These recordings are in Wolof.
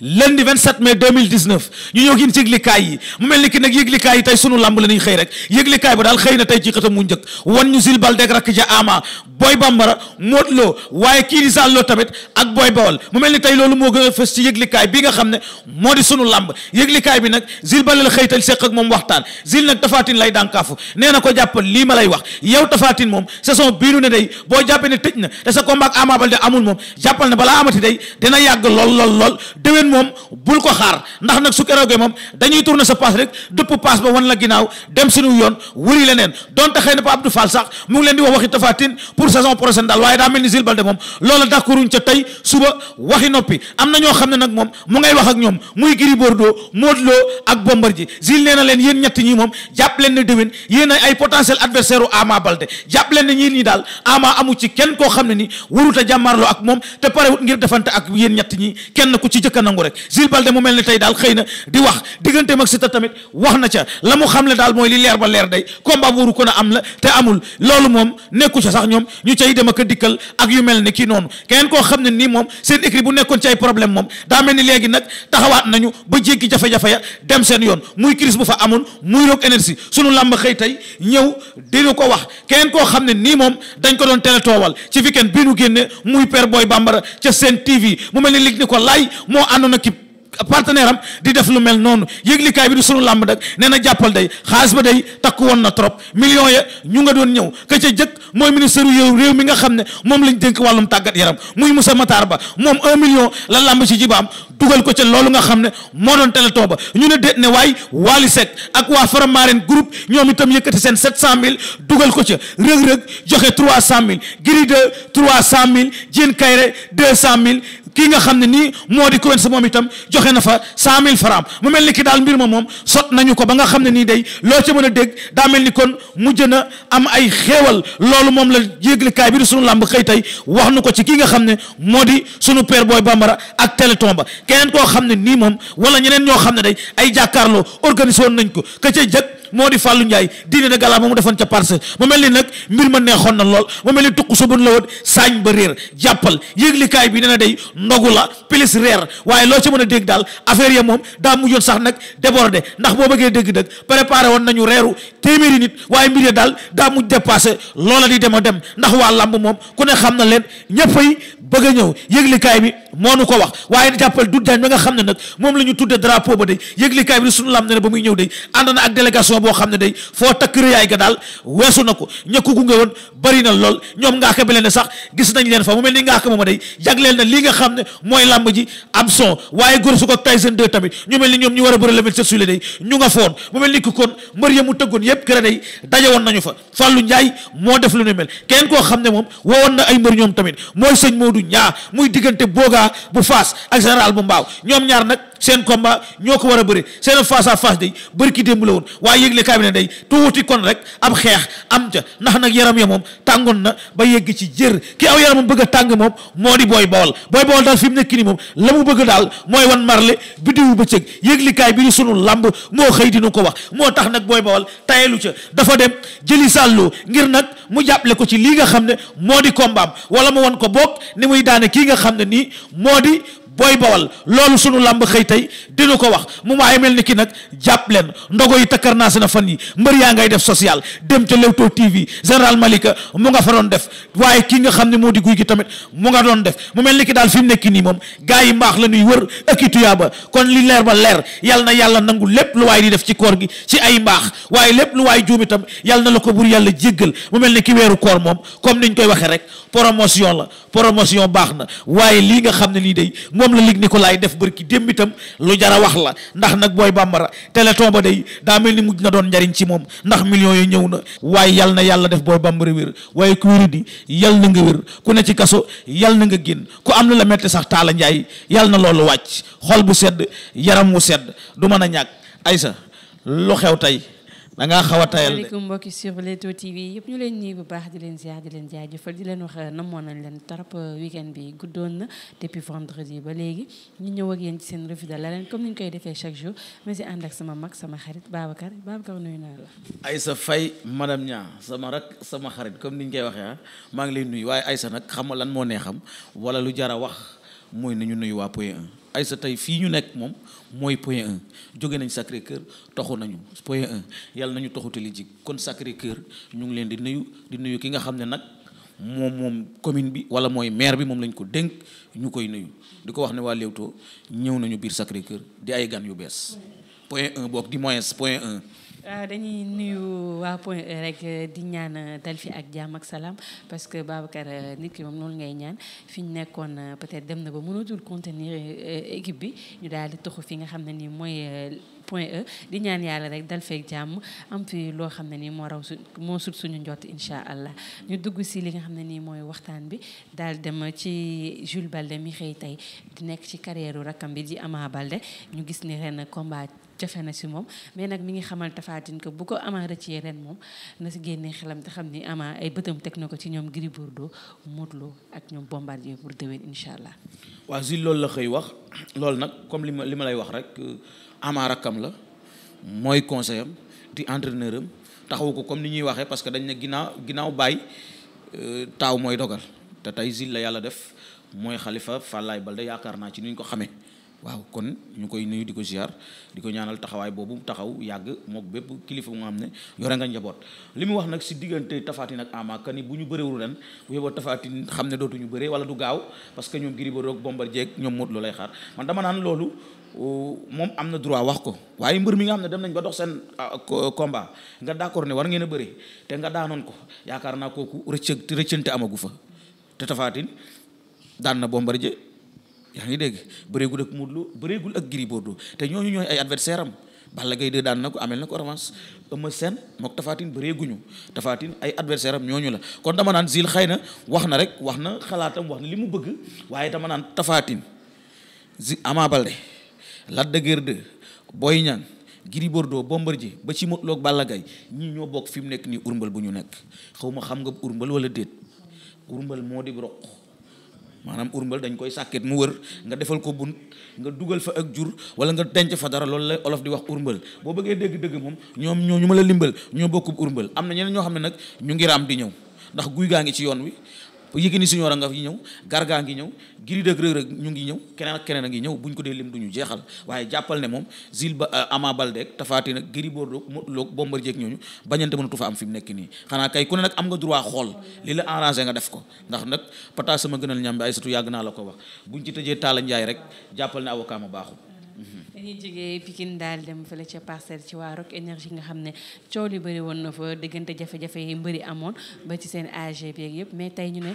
lundi 27 mai 2019 ñu ñëw gin ci yëglikaay yi mu mel ni ki nag yëglikaay yi tey sunu lamb la ñuy xëy rek yëglikaay ba daal xëy na tey ci xëtam mu njëkk wan ñu Jules Baldé ak rakk ja ama Boy kii di Zale Lo tamit ak Boy Bawol mu mel ni loolu moo gën a fës ci yëglikaay bi nga xam ne moo di sunu lamb yëglikaay bi nag Jules Baldé la xëy tal seq ak moom waxtaan Jules nag Tafatine lay dànkaafu nee na ko jàppal lii ma lay wax yow Tafatine moom saison bii nu ne day boo jàppee ne tëj na te sa combat ak Ama Baldé amul moom jàppal ne balaa amati day dina yàgg lool lool lool moom bul ko xaar ndax nag su keroogee moom dañuy tourner sa paas rek dëpp paas ba wan la ginnaaw dem suñu yoon wuri leneen donte xëy na pa Abdou Fall sax mu ngi leen di wax waxi tafatin pour saison prochaine daal waaye daa mel ni Jules Baldé moom loola d'accorduñ ca tey suba waxi noppi am na ñoo xam ne nag moom mu ngay wax ak ñoom muy Gris Bordeaux Modou Lo ak Bombardier Jules nee na leen yéen ñett ñi moom jàpp leen ne déwén yéen ay potentiel adversaire u Ama Baldé koo a jàmmaarloo ak moom te parewut ngir nangu rek Jules Baldé mu mel ni tey daal xëy na di wax digganteem ak Siteu tamit wax na ca la mu xamle daal mooy li leer ba leer day combat bu waru ko a am la te amul loolu moom nekku ca sax ñoom ñu cay dem ak dikkal ak yu mel ni ki noonu keneen koo xam ne nii moom seen écrit bu nekkoon ci ay problème moom daa mel ni léegi nag taxawaat nañu ba jéggi jafe-jafe ya dem seen yoon muy crise bu fa amoon muy roog énergie sunu làmb xëy tey ñëw dinu ko wax keneen koo xam ne nii moom dañ ko doon télé toowal ci weekend bi nu génne muy père booy bambara ca seen tv mu mel ni lig ni ko laay moo àndoon àndoon ak partenaire am di def lu mel noonu yëglikaay bi du sunu làmb nag nee jàppal day xaalis ba day takku woon na trop millions ya ñu nga doon ñëw ka jëkk mooy ministre yow réew mi nga xam ne moom lañ dénk wàllum tàggat yaram muy Moussa Matar Ba moom un million la làmb ci jibaam dugal ko ca loolu nga xam ne moo doon téléthon ba ñu ne déet ne waay Wally ak waa Faramaren groupe ñoom itam yëkkati seen sept cent mille dugal ko ca rëg-rëg joxe kii nga xam ne nii moo di sa moom itam joxe na fa cent mille francs mu mel ni ki daal mbir ma moom sot nañu ko ba nga xam ne nii day loo ca mën a dégg daa mel ni kon mujj na am ay xewal loolu moom la yëglikaay bi di sunu làmb xëy tey wax nu ko ci kii nga xam ne moo di sunu père booy bambara ak téléthon ba keneen koo xam ne nii moom wala ñeneen ñoo xam ne day ay jàkkaarloo organisé nañ ko ka ca jëkk moo di Fallou Ndiaye dîner de gala ba mu defoon ca parce mu mel ni nag mbir ma neexoon na lool mu mel ni tukk subun la woon saañ ba réer jàppal yëglikaay bi nee na day ndogu la pilis reer waaye loo ci mën a dégg daal affaire ya moom daa mujjoon sax nag débordé ndax boo bëggee dégg dëgg préparé woon nañu reeru téeméeri nit waaye mbir ya daal daa mujj dépassé loola di dem a dem ndax waa làmb moom ku ne xam na leen ñëppay bëgg a ñëw yëglikaay bi moo nu ko wax waaye jàppal dut daañ ba nga xam ne nag moom la ñu tudde drapeau ba day yëglikaay bi di suñu lam ne ne ba muy ñëw day ànd na ak délégation boo xam ne day foo takk rëyaay ga daal weesu na ko ña ku gunge woon bari na lool ñoom ngaaka bi leen ne sax gis nañ leen fa mu mel ni ngaaka mooma day jagleel na li nga xam ne mooy làmb ji am son waaye góor su ko Tyson 2 tamit ñu mel ni ñoom ñu war a bëri le 27 juillet day ñu nga foon mu mel ni ki kon mbër ya mu tëggoon yëpp kër day daje woon nañu fa Fallou Ndiaye moo def lu ñu koo xam ne moom woowoon na ay mbër ñoom tamit mooy sëñ Modou du muy diggante boogaa bu faas ak général bu mbaaw ñoom ñaar nag seen combat ñoo ko war a bëri seen face à face day bëri ki démb la woon waaye yëgle kaay bi ne day tuuti kon rek ab xeex am ca ndax nag yaram ya moom tàngoon na ba yegg ci jër ki aw yaramam bëgg a tàng moom moo di booy bawal booy bawal daal fi mu nekk nii moom la mu bëgg daal mooy wan marle biddiwu bëccëg yëgle kaay bi di sunu lamb moo xëy dina ko wax moo tax nag booy bawal tayalu ca dafa dem jëli sàlloo ngir nag mu jàppale ko ci lii nga xam ne moo di combat wala mu wan ko bokk ni muy daane kii nga xam ne nii moo di booy bawal loolu sunu làmb xëy tey dinu ko wax mu maay mel ni ki nag jàpp leen ndogo yi takkar naa si na fan yi mbër yaa ngay def social dem ca Leewtoo TV général Malika mu nga fa doon def waaye ki nga xam ne moo di guy gi tamit mu nga doon def mu mel ni ki daal fi mu nekk nii moom gaa yi mbaax lañuy ñuy wër ak i tuyaaba kon li leer ba leer yàlla na yàlla nangu lépp lu waaye di def ci koor gi ci ay mbaax waaye lépp lu waay juum itam yàlla na la ko bur yàlla jéggal mu mel ni ki weeru moom comme niñ koy waxee rek promotion la promotion baax na waaye lii nga xam ne lii day moom la lig Nicolas def bërki démb itam lu jara wax la ndax nag booy bambara téléthon ba day daa mel ni mujj na doon njariñ ci moom ndax millions yi ñëw na waaye yal na yàlla def booy bambara wér waaye ku wéri di yal na nga wér ku ne ci kaso yal na nga génn ku am na la metti sax taala njaay yal na loolu wàcc xol bu sedd yaram wu sedd du mën a ñàkk aysa lu xew tey da ngaa xaw a tayal de asalaamaaleykum mbokki sur Leewtoo TV yëpp ñu leen nuyu bu baax leen ziar di leen jaajëfal leen wax euh, namoon nañ leen trop euh, weekend bi guddoon na depuis vendredi ba léegi ñu ñëw ak yéen ci seen revue de comme ni ñu koy defee chaque jour si ànd sama mag sama xarit Babacar Babacar nuyu naa la. Aïssa Faye madame Nia sama rak sama xarit comme ni ñu koy waxee ah maa ngi lay nuyu waaye ay sa nag xam lan moo neexam wala lu jara wax mooy nañu nuyu waa Point ay sa tey fii ñu nekk moom mooy point un jóge nañ Sacré kër toxu nañu point un yàlla nañu toxute li jig kon Sacré kër ñu ngi leen di nuyu di nuyu ki nga xam ne nag moom moom commune bi wala mooy maire bi moom lañ ko dénk ñu koy nuyu di ko wax ne waa Leewtoo ñëw nañu biir Sacré kër di ay gan yu bees point un boog di moins point un waaw euh, dañuy nuyu waa point e rek euh, di ñaan euh, dal fi ak jàmm ak salaam parce que Babacar nit ki moom noonu ngay ñaan fi ñu nekkoon peut-être dem na ba mënatul contenir équipe bi ñu daal di toxu fi nga xam ne nii mooy point E di ñaan yàlla rek dal feeg jàmm am fi loo xam ne ni moo raw su moo sut suñu njot incha allah ñu dugg si li nga xam ne nii mooy waxtaan bi daal dem ci Jules Balde mi xëy tey di nekk ci carrière rakkam bi di Ama Balde ñu gis ni ren combat jafe na si moom mais nag mi ngi xamal Tapha Tine bu ko Ama rëccee ren moom na si génnee xelam te xam ni Ama ay bëtam teg na ko ci ñoom Gris Bordeaux Modou Lo ak ñoom Bombardier pour déwén incha allah. waa si loolu la xëy wax loolu nag comme li ma li ma lay wax rek Ama rakkam la mooy conseil di entraîneur am taxawu ko comme ni ñuy waxee parce que dañ ne ginnaaw ginnaaw bàyyi euh, taaw mooy dogal te tey Zil la yàlla def mooy xalifa Fallaye Balde yaakaar naa ci ni ñu ko xamee. waaw kon ñu koy nuyu di ko ziar di ko ñaanal taxawaay boobu taxaw yàgg mook bépp kilifa mu nga xam ne yore nga njaboot li mu wax nag si diggante Tafatine ak Ama kani bu ñu bëreewul ren bu yóbboo ne dootuñu bëree wala du gaaw parce que ñoom Gris Bordeaux ak Bombardier ñoom Modou Lo lay xaar man dama naan loolu moom am na droit wax ko waaye mbër mi nga xam ne dem nañ ba dox seen combat nga d'accord ne war ngeen a bëree te nga daanoon ko yaakaar naa kooku rëcc rëccante amagu fa te Tafatine daan na Bombardier yaa ngi dégg bëreegul ak Modou Lo bëreegul ak Gris Bordeaux te ñooñu ñooy ay adversaire am Balla Gaye daan na ko amel na ko avance Eumeu Sène mook Tafatine bëreeguñu Tafatine ay adversaire am ñooñu la kon dama naan Zil xëy na wax na rek wax na xalaatam wax na li mu bëgg waaye dama naan Tafatine Zil Ama Baldé Lac de Guiers 2 Boy Niang Gris Bordeaux ba ci Modou Lo gay Balla Gaye ñii ñoo bokk fi mu nekk nii urmbal bu ñu nekk xaw ma xam nga urmbal wala déet urmbal moo di roq maanaam urmbal dañ koy sàkkit mu wër nga defal ko bunt nga dugal fa ak jur wala nga denc fa dara loolu lay olof di wax urmbal boo bëggee dégg-dëgg moom ñoom ñoo ñu ma la limbal ñoo bokkub urmbal am na ñeneen ñoo xam ne nag ñu ngir am di ñëw ndax guy gaa ngi ci yoon wi Yékini Senior a nga fi ñëw Garga ngi ñëw Gris de Reug ñu ngi ñëw keneen ak keneen a ngi ñëw buñ ko dee lim duñu jeexal waaye jàppal ne moom Zil ba euh, Ama Baldé ak Tapha Tine ak Gris Bordeaux Modou Lô Bombardier ak ñooñu bañante mënatu fa am fi mu nekk nii xanaa kay ku ne nag am nga droit xool li la arrangé nga def ko ndax nag pata sama gënal ñam bi ay satu yàgg naa la ko wax buñ ci tëjee taala njaay rek jàppal ne avocat kaama baaxul dañuy jógee Pikine daal dem fële ca parcelle ci waa Rock énergie nga xam ne cool yu bëri woon na fa diggante jafe-jafe yi mbëri amoon ba ci seen AG bi yëpp mais tey ñu ne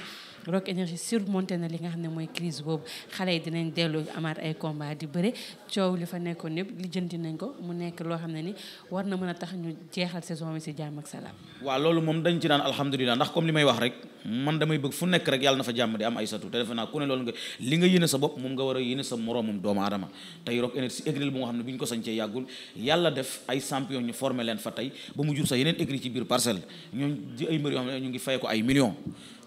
Rock Énergie surmonté na li nga xam ne mooy crise boobu xale yi dinañ dellu amaat ay combat di bëre coow li fa nekkoon yëpp li nañ ko mu nekk loo xam ne ni war na mën a tax ñu jeexal saison bi si jàmm ak salaam. waa loolu moom dañ ci naan alhamdulilah ndax comme li may wax rek man damay bëgg fu nekk rek yàlla na fa jàmm di am ay satu te defe naa ku ne loolu nga li nga yéene sa bopp moom nga war a yéene sa moroomum doomu aadama tey Rock Énergie écurie bu nga xam ne bi ñu ko sañcee yàggul yàlla def ay champion ñu formé leen fa tey ba mu jur sax yeneen écurie ci biir parcelle ñooñu di ay mbër yoo xam ne ñu ngi fay ko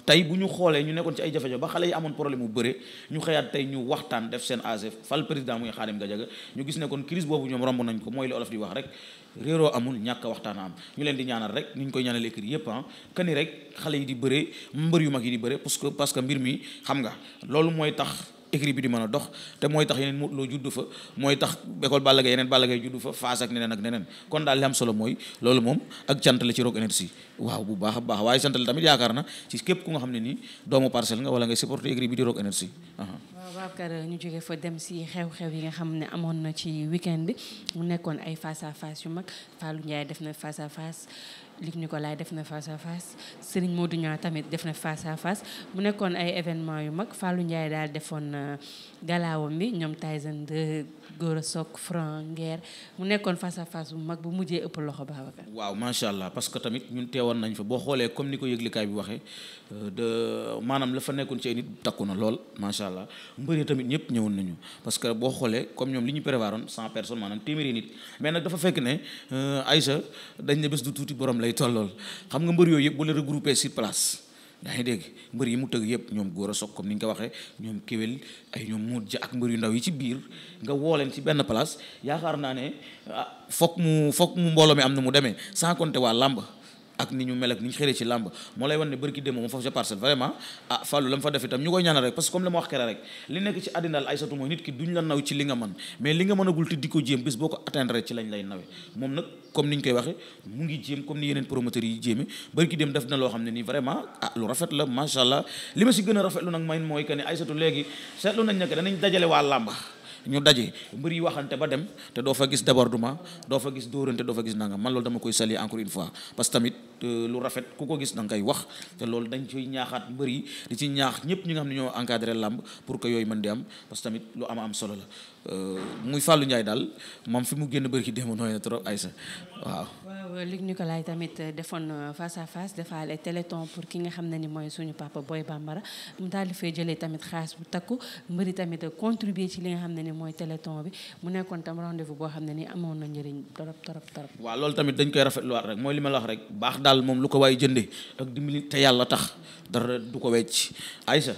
tey bu ñu xoolee ñu nekkoon ci ay jafe-jafe ba xale yi amoon problème bu bëre ñu xëyaat tey ñu waxtaan def seen AG fal président muy Khadim Gadiaga ñu gis ne kon crise boobu ñoom romb nañ ko mooy li olof di wax rek réeroo amul ñàkk a am ñu leen di ñaanal rek ñu ñu koy ñaanal écrit yépp ah kani rek xale yi di bëre mbër yu mag yi di bëre parce que parce que mbir mi xam nga loolu mooy tax écrit bi di mën a dox te mooy tax yeneen Modou Lo juddu fa mooy tax école Balla Gaye yeneen Balla Gaye juddu fa Fass ak neneen ak neneen kon daal li am solo mooy loolu moom ak cant ci Rock Énergie waaw bu baax a baax waaye sant tamit yaakaar na ci képp ku nga xam ne nii doomu parcelle nga wala ngay supporter écrit bi di Rock Énergie waaw Babacar ñu jógee fa dem si xew-xew yi nga xam ne amoon na ci week mu nekkoon ay face à face yu mag Fallou Ndiaye Luc Nicolaï def na face à face Serigne Modou Niang tamit def na face a face mu nekkoon ay événement yu mag Fallou Ndiaye daal defoon euh, galaawam bi ñoom Tyson de Sock Franc Nguer mu nekkoon face a face bu mag bu mujjee ëpp loxo Babacar waaw macha allah parce que tamit ñun teewoon nañ fa boo xoolee comme ni ko yëglikaay bi waxee euh, de maanaam la fa nekkoon ci ay nit takku na lool macha allah mbëri tamit ñëpp ñëwoon nañu parce que boo xoolee comme ñoom li ñu prévoiroon cent personnes maanaam téeméeri nit mais nag dafa lay tollool xam nga mbër yooyu yëpp bu la regroupé sur place yaa ngi dégg mbër yi mu tëgg yëpp ñoom góor a soog comme ni nga ko waxee ñoom kéwél ay ñoom muut ja ak mbër yu ndaw yi ci biir nga woo leen ci benn place yaakaar naa ne ah foog mu foog mu mbooloo mi am na mu demee sans compter waa làmb ak ni ñu mel ak ni ñu xëree ci làmb moo lay wan ne bërki démo moom foofu ca parcelle vraiment ah Fallou la mu fa def itam ñu koy ñaanal rek parce comme la ma wax kere rek li nekk ci àddina ay satu mooy nit ki duñ la naw ci li nga man ah, a rafetlu doo fa gis débordement doo fa gis doo fa gis nangam man loolu dama koy saluer encore une fois parce tamit lu rafet ku ko gis da nga koy wax te loolu dañ ciy ñaaxaat mbër di ci ñaax ñëpp ñi nga xam ne ñoo encadré làmb pour que yooyu mën di am parce tamit euh, mu génn bëri ki démb nooy na trop Aïssa waaw. waaw Luc Nicolaï tamit defoon face à face defaale téléthon pour ki nga xam ne ni mooy suñu papa Boy Bambara mu daal di fay tamit xaas bu takku mbëri tamit contribuer ci li nga xam ne ni mooy téléthon bi mu nekkoon tam rendez-vous boo xam ne ni amoon na njëriñ torop torop torop. waaw loolu tamit dañ koy rafetluwaat rek mooy rek baax daal moom lu ko waay jënde ak dimbali te yàlla tax dara du ko wecc Aïssa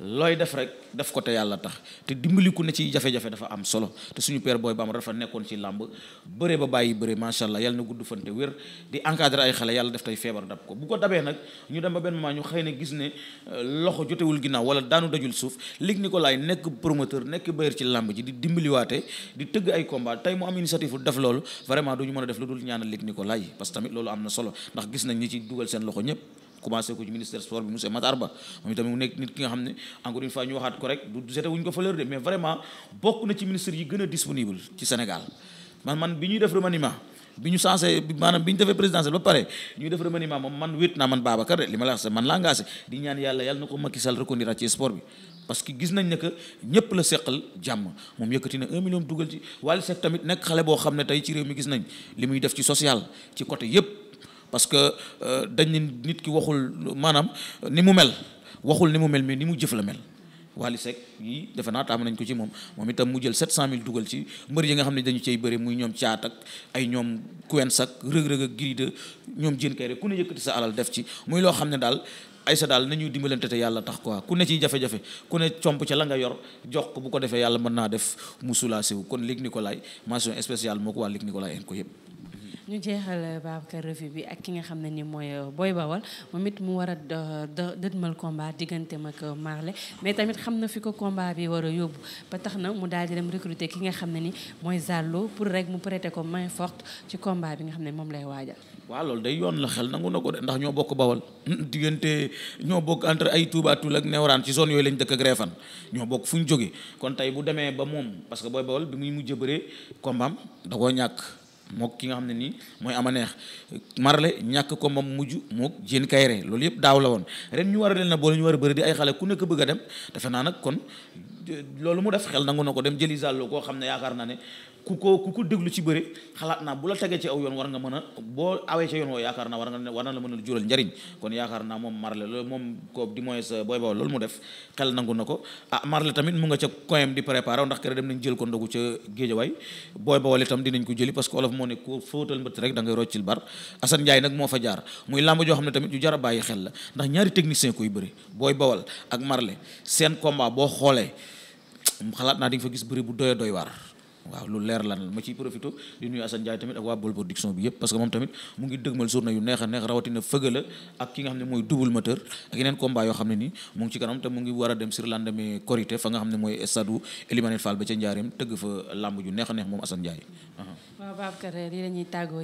looy def rek def ko te yàlla tax te dimbaliku ne ci jafe-jafe dafa am solo te suñu père booy ba am dafa nekkoon ci làmb bëre ba bàyyi bëre macha allah yàlla na gudd fante wér di encadrer ay xale yàlla def tey feebar dab ko bu ko dabee nag ñu dem ba benn moment ñu xëy na gis ne euh, loxo jotewul ginnaaw wala daanu dajul suuf Luc Nicolaï nekk promoteur nekk bailleur ci làmb ji di dimbaliwaate di tëgg ay combat tey mu am initiative def loolu vraiment du ñu mën a def lu dul ñaanal loolu am na solo ndax gis nañ ñi ci dugal seen loxo ñëpp commencé ko ci ministère sport bi monsieur Matar Ba moom itamit mu nekk nit ki nga xam ne encore une fois ñu waxaat ko a disponible ci Sénégal man man maanaam bi ñu defee présidentielle ba pare def remaniement moom man wéet ma la wax man laa ngaase di ñaan yàlla yàlla na ko Macky Sall reconduira ci que gis nañ ne que ñëpp la seqal moom yëkkati na un million dugal ci tamit nekk xale boo xam ne tey ci réew mi gis nañ li muy def ci social ci côté yëpp parce que euh, dañ ni nit ki waxul maanaam ni mu mel waxul ni mu mel mais ni mu jëf la mel. Wally Seck yi defe naa taam nañ ko ci moom moom itam mu jël mille dugal ci mbër yi nga xam ne dañu cey bëri muy ñoom caat ak ñoom Quench ak rëg-rëg ñoom jën kay rek ku ne yëkkati sa alal def ci muy loo xam ne daal ay sa daal nañuy dimbalante te yàlla tax quoi ku ne ciy jafe-jafe ku ne comp ca la nga yor jox ko bu ko defee yàlla mën naa def mu sulaase wu kon Luc Nicolaï mention spéciale moo ko waa Luc Nicolaï en ko yëpp e ñu jeexal euh, Babacar revue bi ak ki nga xam ne ni mooy euh, booy Bawal moom it mu war a dëdmal combat digganteem ak euh, Marley mais tamit xam na fi ko combat bi war a yóbbu ba tax na mu daal di dem ki nga xam ne ni mooy Zallo pour rek mu prêter ko main forte ci combat bi nga xam ne moom lay waajal. waaw loolu day yoon la xel na ko ndax ñoo bokk Bawal diggante ñoo bokk entre ay Touba ak Néewraan ci zone yooyu lañ dëkk ak Réfane ñoo bokk fu ñu jógee kon tey bu demee ba moom parce que Boy Bawal bi muy mujj a bëree combat ñàkk. mook ki nga xam ne nii mooy ama neex marle ñàkk ko moom mujj mook jéen kayre loolu yëpp daaw la woon ren ñu war a leen na boole ñu war a bëri di ay xale ku nekk bëgg a dem defe naa nag kon loolu mu def xel nangu na ko dem jëli zàllo koo xam ne yaakaar naa ne ku ko ku ko déglu ci bëre xalaat naa bu la tegee ci aw yoon war nga mën a boo awee ci yoon woo yaakaar naa war nga na la mën a jural njariñ kon yaakaar naa moom Marley loolu moom ko di mooy sa euh, booy boobu loolu mu def xel nangu na ko ah Marley tamit mu nga ca koyam di préparé ndax kër dem nañ jël ko ndogu ca géejawaay booy boobu itam dinañ ko jëli parce que olof moo ne ku fóotal mbëtt rek da ngay roccil bar Assane Ndiaye nag moo fa jaar muy làmb joo xam ne tamit yu jar a bàyyi xel la ndax ñaari technicien koy bëri booy bawal ak Marley seen combat boo xoolee xalaat naa di nga fa gis bëri bu doy doy waar waaw lu leer lan ma ciy profité di nuyu Assane Ndiaye tamit ak waa Bol Production bi yëpp parce que moom tamit mu ngi dëgmal journée yu neex a neex rawatina fëgala ak ki nga xam ne mooy double moteur ak yeneen combat yoo xam ne nii mu ngi ci kanam te mu ngi war a dem sur lendemain Korité fa nga xam ne mooy stade Elimane Fall ba ca Njaareem tëgg fa làmb ju neex a neex moom Assane Ndiaye waaw Babacar lii la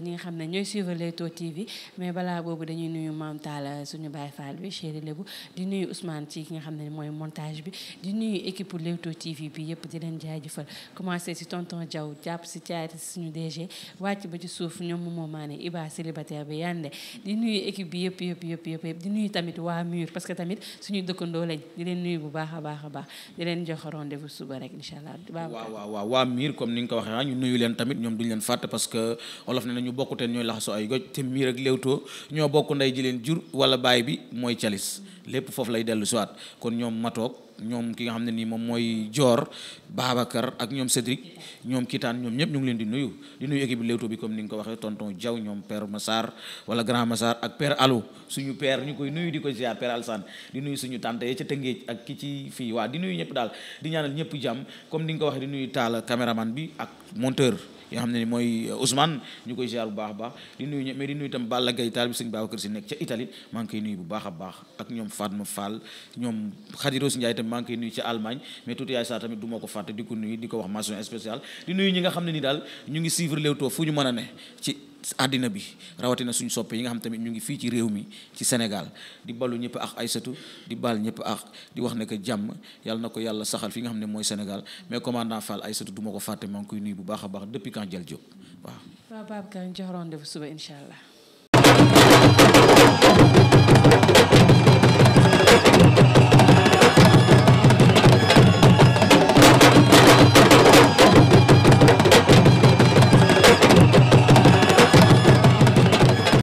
ñuy xam ne ñooy suivre Leewtoo TV mais balaa boobu dañuy nuyu Maam Talla suñu Baye Fall bi Chéri Lébou di nuyu ci ki nga xam ne mooy montage bi di nuyu équipe Leewtoo TV bi yëpp di leen jaajëfal commencé si tonton Diaw jàpp si caari suñu DG wàcc ba ci suuf ñoom moom maa ne Iba célibataire bi yande di nuyu équipe bi yëpp yëpp yëpp yëpp di nuyu tamit waa mur parce que tamit suñu dëkkandoo lañ di di leen jox rendez-vous suba rek incha allah. waaw waaw waaw waa mur comme ni nga ko waxee ah, ñu nuyu leen tamit ñoom duñ leen fàtte parce que olof ne na ñu bokkuteen ñooy laxasu ay goj te miir ak léewtoo ñoo bokk ndey ji jur wala baay bi mooy calis lépp foofu lay dellu siwaat kon ñoom matoog ñoom ki nga xam ne nii moom mooy Dior Babacar ak ñoom Cédric ñoom Kitaan ñoom ñëpp ñu ngi leen di nuyu di nuyu équipe Leewtoo bi comme ni nga ko waxee tonton Diaw ñoom père Massar wala grand Massar ñu koy nuyu di ko ziar père Alsan di nuyu suñu tante ya ca Tëngéej ak ki ci fii waa di nuyu ñëpp daal di ñaanal ñëpp jàmm comme ni nga ko waxee di nuyu taal caméraman bi ak monteur yoo xam ne ni mooy Ousmane ñu koy ziar baax baax di nuyu ñëpp mais di nuyu itam Balla Gaye taal bi sëñ Babacar si nekk ca Italie maa ngi koy bu baax a baax ak ñoom Fatma Fall ñoom Khadiros Ndiaye tamit maa ngi koy nuyu ci Allemagne mais tuuti yaay saa tamit du ko fàtte di ko nuyu di ko wax mention spéciale di nuyu ñi nga xam ne ni daal ñu ngi suivre Leewtoo fu ñu mën ne ci àddina bi rawatina suñu soppe yi nga xam tamit ñu ngi fii ci réew mi ci Sénégal di balu ñëpp ak Aysatu di bal ñëpp ak di wax ne que jàmm yal na ko yàlla saxal fi nga xam ne mooy Sénégal mais commandant Fall Aysatu du ma ko fàtte maa ngi koy nuyu bu baax a baax depuis quand jël jóg waaw. waaw Babacar